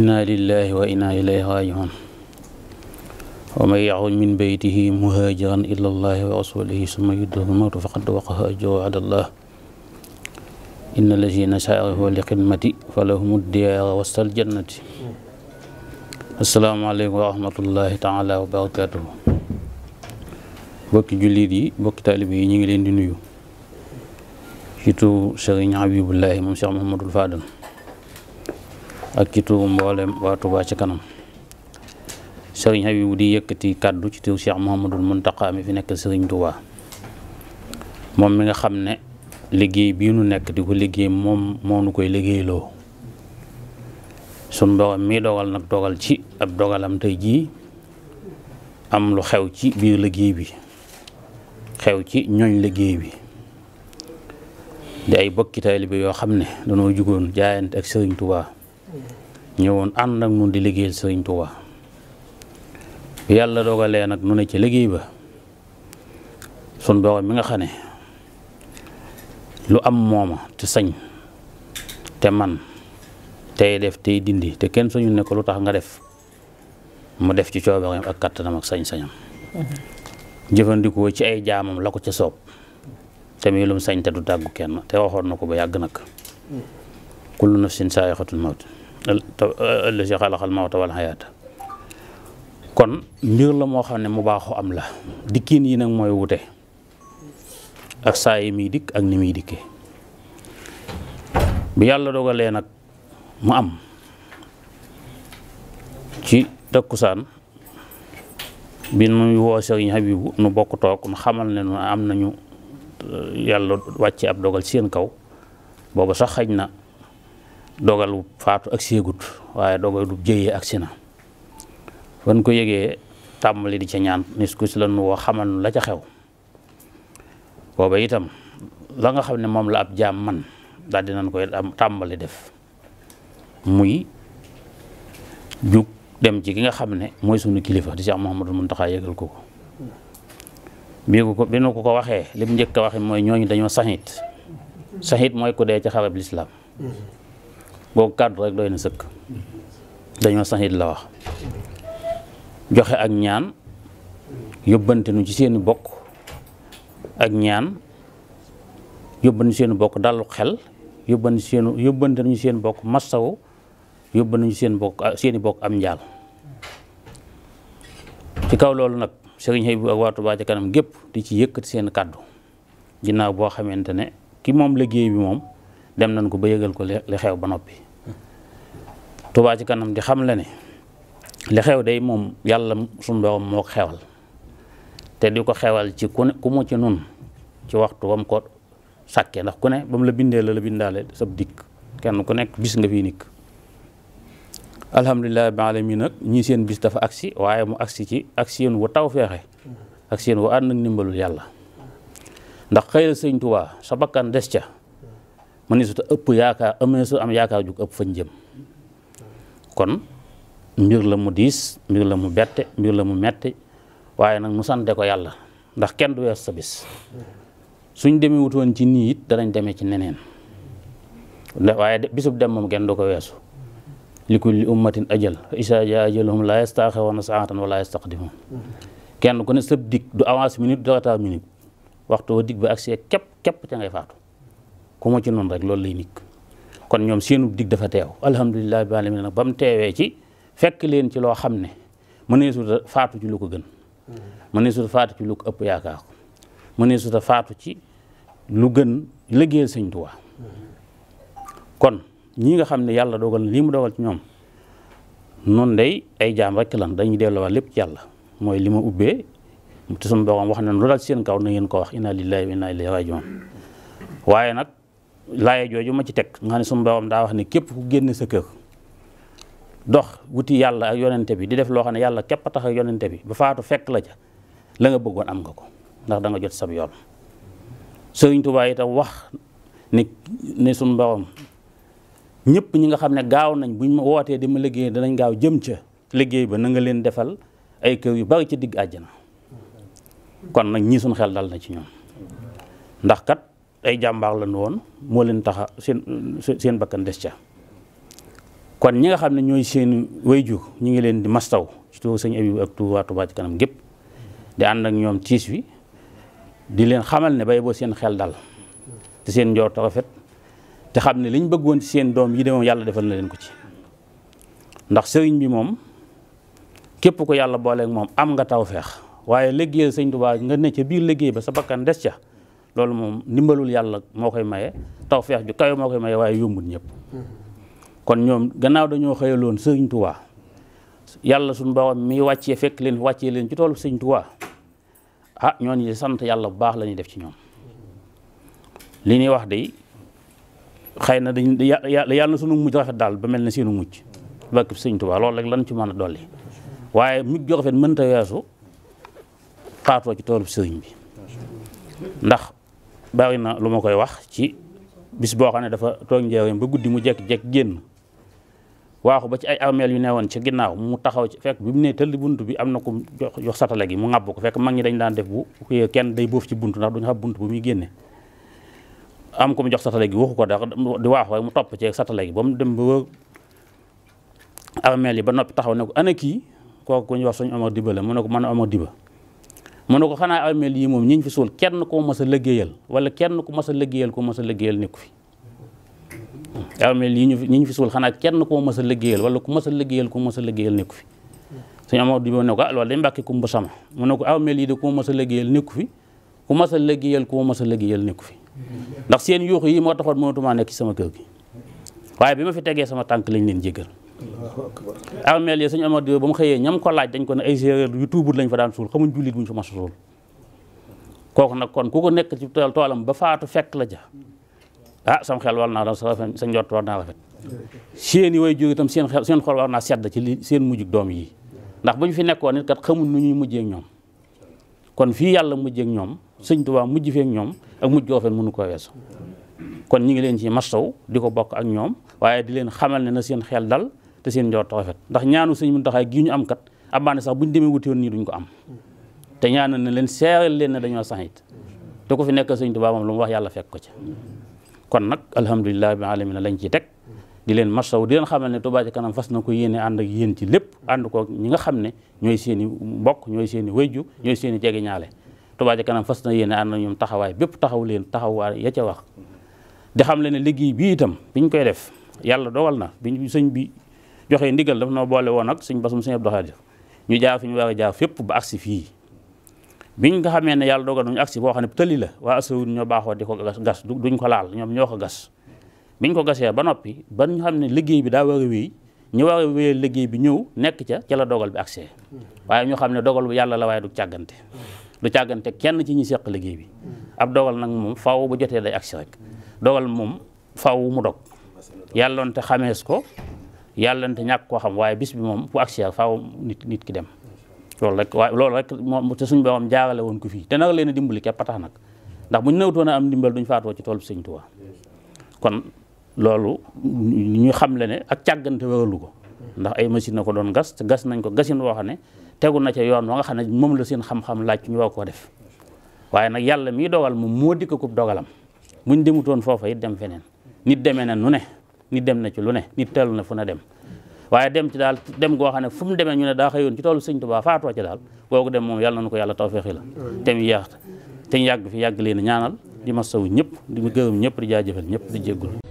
inna lillahi wa inna ilayhi rajiun wa man yaxruj min beytihi muhaajiran ila allahi wa rasulihi summa yudriku mawtu faqad waqafa ajruhu ala allah inna lazina saarahu li xidmati falahum diyaara wastal jannati asalaamaaleykum wa rahmatullahi taala wa barakatuhu bokki jullit yi bokki taalibe yi ñu ngi leen di nuyu surtout Sëriñ Habibullahi moom Cheikh ak ci turu mboolem waa Touba ci kanam sëriñ Habibou di yëkkati kàddu ci turu Cheikh Mouhamadul Mountakha mi fi nekk sëriñ Touba moom mi nga xam ne liggéey bii nekk di liggéey moom moo koy liggéeyloo sun borom mii dogal nag dogal ci ab dogalam jii am lu xew ci biir liggéey bi xew ci ñooñ liggéey bi di ay bokki taalibe yoo xam ne danoo jugoon jaayante ak sëriñ Touba. ñëwoon ànd ak nun di liggéeyal sëriñ Tuubaa yàlla doogale nag nu ne ci liggéey ba sun borom mi nga xane lu am mooma te sañ te man tey def tey dindi te kenn suñu ne ko lu tax nga def mu def ci coobareem ak kattanam ak sañ-sañam jëfandikoo ci ay jaamam la ko ca soob te muy lum sañ te du tàggu kenn te waxoon na ko ba yàgg nag kullu nafsin saa'iqatul mawt allazi xalaqal mawta wal xayaata kon mbir la moo xam ne mu baaxu am la dikkin yi nag mooy wute ak saa yi dikk ak ni muy dikkee bi yàlla dogalee nag mu am ci takkusaan bi nuy woo sëriñ Habibu nu bokk toog nu xamal ne nu am nañu yàlla wàcce ab dogal seen kaw booba sax xaj na dogalu faatu ak séegut waaye dogalu jëyee ak si na fan ko yégee tàmbali di ca ñaan nis ku si la nu woo xamal la ca xew booba itam la nga xam ne moom la ab jaam man daal dinañ koy tàmbali def muy jug dem ci ki nga xam ne mooy sunu kilifa di Cheikh Mouhamadou Mountakha yëgal ko ko ko bi nu ko ko waxee lim njëkk a waxe mooy ñooñu dañoo saxit saxit mooy ku dee ci xarab lislaam boo kàddu rek doy na sëkk dañoo saxit la wax joxe ak ñaan yóbbante nu ci seeni bokk ak ñaan yóbbante seeni bokk dalu xel yóbbante seen seen bokk massawu yóbbante ñu seen bokk seeni bokk am njaal ci kaw loolu nag Serigne Xëy bu ak waa Touba ca kanam gépp di ci yëkkat seen kàddu ginnaaw boo xamante ne ki moom liggéey bi moom dem nañ ko ba yëgal ko li xew ba noppi Touba ci kanam di xam la ne li xew day moom yàlla suñu doom moo ko xewal te di ko xewal ci ku ne ku mu ci nun ci waxtu wam ko sàkkee ndax ku ne ba mu la bindee la la bindaale sab dikk kenn ku nekk bis nga fii nikk alhamdulilah bi alamin nag ñii seen bis dafa agsi waaye mu agsi ci ak seen wu taw feexe ak seen wu ànd ak ndimbalul yàlla ndax xëy sëñ Tuubaa sa des ca mën ni suta ëpp yaakaar amee su am yaakaar jug ëpp fañ jëm kon mbir la mu diis mbir la mu bette mbir la mu mette waaye nag mu sante ko yàlla ndax kenn du wees sa bis suñ demee wutoon ci nii it danañ demee ci neneen waaye bisub dem moom kenn du ko weesu li kulli ummatin ajal fa isa ja ajaluhum la yastaxiruuna saatan wala yastaqdimuun kenn ku ne dig du avance minute du retard minute waxtu wa dig ba agsi képp képp te ngay faatu ku mu ci noonu rek loolu lay nikk kon ñoom seenu digg dafa teew alhamdulilah bi alamin nag ba mu teewee ci fekk leen ci loo xam ne mëneesuta faatu ci lu ko gën mm-hmm. mëneesuta faatu ci lu ko ëpp yaakaar ko mëneesuta faatu ci lu gën liggéeyal sëñ mm-hmm. kon ñii nga xam ne yàlla dogal na lii mu dogal ci ñoom noon day ay jaam rek lan dañuy delloowaat lépp ci yàlla mooy li ma ubbee te sunu borom wax na lu dal seen kaw na ngeen ko wax inna lillahi wa inna ilayhi rajiun mm-hmm. waaye nag laaye jooju ma ci teg nga xam ne suñu boroom daa wax ne képp ku génn sa kër dox wuti yàlla ak yonente bi di def loo xam ne yàlla képp a tax ak yonente bi ba faatu fekk la ca la nga bëggoon am nga ko ndax danga jot sab yoon sëriñ Tuubaa itam wax ne ne suñu boroom ñëpp ñi nga xam ne gaaw nañ buñ ma wootee di ma liggéey danañ gaaw jëm ca liggéey ba na nga leen defal ay kër yu bari ci digg àjjana kon nag ñii suñ xel dal na ci ñoom ndax kat ay jàmbaar la ñu woon moo leen taxa seen seen bakkan des ca kon ñi nga xam ne ñooy seen wayjur ñu ngi leen di mastaw ci turu sëñ Abibu ak turu kanam gépp di ànd ak ñoom tiis wi di leen xamal ne bay boo seen xel dal te seen njoor ta rafet te xam ne liñ bëggoon ci seen doom yi de moom yàlla defal na leen ko ci ndax sëriñ bi moom képp ko yàlla booleeg moom am nga taw feex waaye liggéeyal sëñ Tuubaa nga ne ca biir liggéey ba sa bakkan des ca loolu moom ndimbalul yàlla moo koy maye feex ju kawe moo koy maye waaye yombul ñëpp kon ñoom gannaaw dañoo loon sëriñ Tuubaa yàlla suñu borom mi wàccee fekk leen wàccee leen ci toolu sëriñ Tuubaa ah ñooñu di sant yàlla bu baax la def ci ñoom li ñuy wax de xëy na dañ yàlla na sunu mujj rafet daal ba mel ne seenu mujj bakk sëriñ Tuubaa loolu rek lan ci mën a dolli waaye mujj rafet ci toolu sëriñ bi ndax bari na lu ma koy wax ci bis boo xam ne dafa toog njëriñ ba guddi mu jekk-jekk génn waaxu ba ci ay armeel yu newoon ci ginnaaw mu taxaw ci fekk bi mu ne tëll bunt bi am na ku jox jox gi mu ŋàbb ko fekk mag ñi dañ daan def bu kenn day boof ci bunt ndax duñu xam bunt bu muy génne am mu jox satale gi waxu ko dax di waaxu waaye mu topp ci satale gi ba mu dem ba wër armeel yi ba noppi taxaw ne ko ana kii kooku ku ñu wax suñu Omar Diba la mu ne ko mën a Omar Diba mu ne ko xanaa ameel yi moom ñi ñu fi suul kenn ko mas a liggéeyal wala kenn ku mas a liggéeyal ko mas a liggéeyal nekku fi ameel yi ñu ñi ñu fi suul xanaa kenn ko mas a liggéeyal wala ku mas a ko mas liggéeyal nekku fi suñu amoo di ne ko ah loolu day mbàkki kumba sama mu ne ko ameel yi de ko mas a liggéeyal nekku fi ku mas a liggéeyal ko mas a liggéeyal nekku fi ndax seen yuux yi moo taxoon mënatumaa nekk ci sama kër gi waaye bi ma fi tegee sama tànk lañ leen jégal armeel yi sëñ Amar Diop ba mu xëyee ñam ko laaj dañ ko ne ay séeréer yu tuubut lañ fa daan suul xamuñ jullit buñ fa mas a suul kooku nag kon ku ko nekk ci tool toolam ba faatu fekk la ja ah sam xel war naa da sa sa njott war naa rafet seen i way jóge xel seen xol war naa sedd ci lii seen mujjug doom yi ndax bu ñu fi nekkoon nit kat xamul nu ñuy mujjee ak ñoom kon fii yàlla mujjee ñoom sëñ Tuubaa mujj fee ñoom ak mujj goo mënu ko weesu kon ñu ngi leen ci mastaw di ko bokk ak ñoom waaye di leen xamal ne na seen xel dal te seen njort rafet te ñaanal na leen seeral leen ne dañoo saxit te ku fi nekk sëñ Tuubaa moom lu mu wax yàlla fekk ko ci kon nag alhamdulilah bi alamina lañ ciy teg di leen masaw di leen xamal ne Touba Ca Kanam fas na ko yéene ànd ak yéen ci lépp ànd ko ñi nga xam ne ñooy seen i ñooy seen i wéyju ñooy jege ñaale Touba Kanam fas na yéene ànd ak ñoom taxawaay bépp taxaw leen taxawaay ya ca wax di xam leen ne liggéey bii itam biñ koy def yàlla dogal na biñ sëñ bi joxe ndigal daf noo boole woon ak suñ basum suñu Abdou Khadir ñu jaar fi ñu war a jaar fépp ba agsi fii biñ nga xamee ne yàlla dogal nañu agsi boo xam ne tëli la waa asawur ñoo baaxoo di ko gas duñ ko laal ñoom ñoo ba noppi ba ñu ne liggéey bi daa a a wéyal liggéey bi ñëw nekk ca ca la dogal bi agsee waaye ñu xam ne dogal bu yàlla la waaye du càggante du càggante kenn ci ñi seq liggéey bi ab dogal nag moom faw bu jotee day agsi rek dogal moom faw mu dog yàlloon te xamees ko yàllante na te ñàkk koo xam waaye bis bi moom bu agsi faw nit ki dem loolu rek waaye loolu rek moom te suñ borom jaarale woon ko fii te nag leen dimbali képp a nag ndax bu ñu nawtoon a am dimbal duñ faatoo ci tool bi sëñ Tuubaa kon loolu ñu xam le ne ak càggante wéralu ko ndax ay machine ko doon gas te gas nañ ko gasin woo xam ne tegu na ca yoon wa xam ne moom la seen xam laaj ñu war koo def waaye nag yàlla mii dogal moom moo dikk ko dogalam muñ demutoon foofa it dem feneen nit demee na nu ne nit dem na ci lu ne nit teelu na fu na dem waaye dem ci daal dem goo xam ne fu mu demee ñu ne daa xëyoon ci toolu sëñ Tuubaa faatoo ci daal googu dem moom yàlla nu ko yàlla te mu te ñu yàgg fi yàgg leen a ñaanal di masawu ñëpp di gërëm ñëpp di jaajëfal ñëpp di jéggul